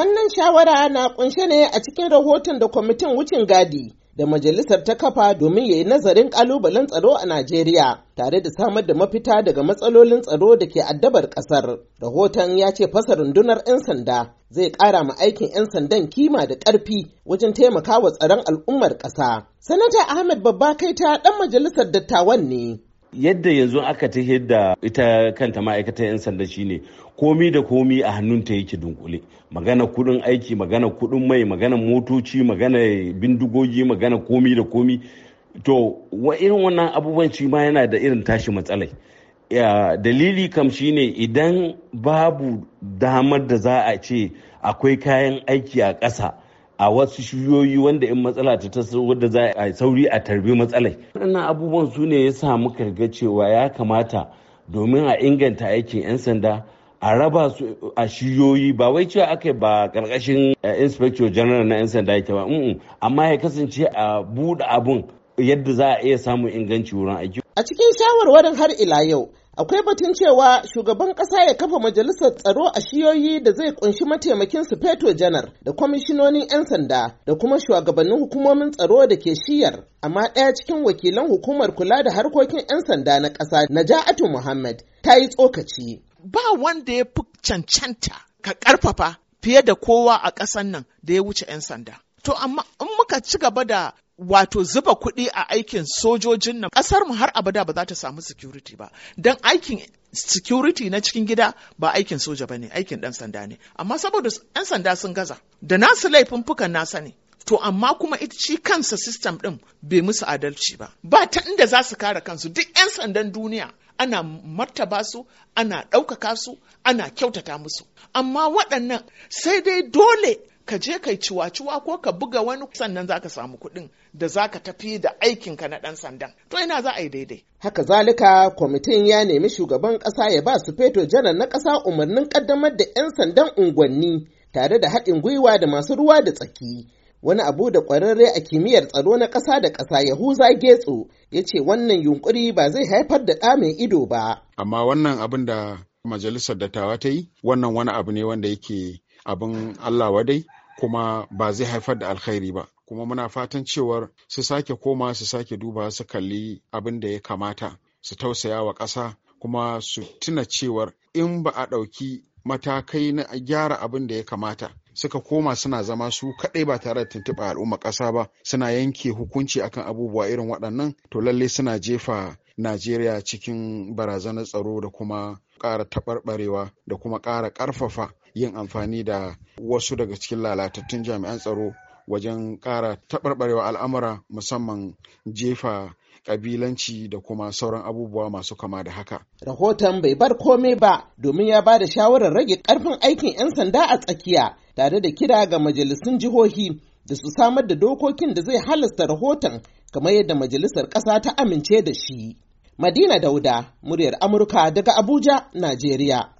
Wannan shawara na kunshe ne a cikin rahoton da kwamitin wucin gadi da majalisar ta kafa domin ya yi nazarin kalubalen tsaro a Najeriya tare da samar da mafita daga matsalolin tsaro da ke addabar kasar. Rahoton ya ce fasa rundunar 'yan sanda zai ƙara ma aikin 'yan sandan kima da ƙarfi wajen taimakawa tsaron al'ummar ƙasa. Sanata Ahmed Babba Kaita ɗan majalisar dattawan ne. yadda yanzu aka ta da ita kanta ma'aikatar 'yan sanda shine komi da komi a hannunta yake dunkule magana kudin aiki magana kudin mai magana motoci magana bindigogi magana komi da komi to wa irin wannan abubuwan shi ma yana da irin tashi matsalai dalili kam shine idan babu damar da za a ce akwai kayan aiki a ƙasa a wasu shiyoyi wanda in matsala ta ta wadda za a sauri a tarbi matsalai waɗannan abubuwan su ne ya samu karga cewa ya kamata domin a inganta aikin 'yan sanda a raba su a shiyoyi ba wai cewa aka ba karkashin eh, inspector general na 'yan sanda yake ba amma ya kasance a buɗe abun yadda za a iya samun inganci wurin aiki a cikin shawarwarin har ila yau Akwai batun cewa shugaban ƙasa ya kafa majalisar tsaro a shiyoyi da zai kunshi mataimakin su feto janar da kwamishinonin 'yan sanda da kuma shugabannin hukumomin tsaro da ke shiyar. Amma ɗaya cikin wakilan hukumar kula da harkokin 'yan sanda na ƙasa Naja'atu Muhammad ta yi tsokaci. Ba wanda ya fi cancanta ka karfafa fiye da kowa a ƙasan nan da ya wuce 'yan sanda. To amma in muka ci gaba da wato zuba kuɗi a aikin sojojin nan ƙasar mu har abada ba za ta samu security ba don aikin security na cikin gida ba aikin soja ba ne aikin ɗan sanda ne amma saboda 'yan sanda sun gaza da nasu laifin fukan nasa ne to amma kuma ita shi kansa system ɗin bai musu adalci ba ba ta inda za su kare kansu duk 'yan sandan duniya ana martaba su ana ɗaukaka su ana kyautata musu amma waɗannan sai dai dole ka je kai ciwa-ciwa ko ka buga wani sannan za ka samu kuɗin da za ka tafi da aikinka na ɗan sandan to ina za a yi daidai haka zalika kwamitin ya nemi shugaban ƙasa ya ba su feto janar na ƙasa umarnin ƙaddamar da 'yan sandan unguwanni tare da haɗin gwiwa da masu ruwa da tsaki wani abu da ƙwararre a kimiyyar tsaro na ƙasa da ƙasa yahuza getso ya ce wannan yunkuri ba zai haifar da ɗa mai ido ba amma wannan abin da majalisar dattawa ta yi wannan wani abu ne wanda yake abin allah wadai kuma ba zai haifar da alkhairi ba kuma muna fatan cewar su sake koma su sake duba su kalli abin da ya kamata su tausaya wa ƙasa kuma su tuna cewar in ba a ɗauki matakai na gyara abin da ya kamata suka koma suna zama su kaɗai ba tare da tuntuɓa al'umma ƙasa ba suna yanke hukunci akan abubuwa irin waɗannan to lalle suna jefa najeriya cikin barazanar tsaro da kuma ƙara taɓarɓarewa da kuma ƙara ƙarfafa yin amfani da wasu daga cikin lalatattun jami'an tsaro wajen ƙara taɓarɓarewa al'amura musamman jefa ƙabilanci da kuma sauran abubuwa masu kama da haka. Rahoton bai bar komai ba domin ya ba da shawarar rage karfin aikin 'yan sanda a tsakiya tare da kira ga majalisun jihohi da su samar da dokokin da zai halasta rahoton kamar yadda majalisar ƙasa ta amince da shi. Madina Dauda, muryar Amurka daga Abuja, Najeriya.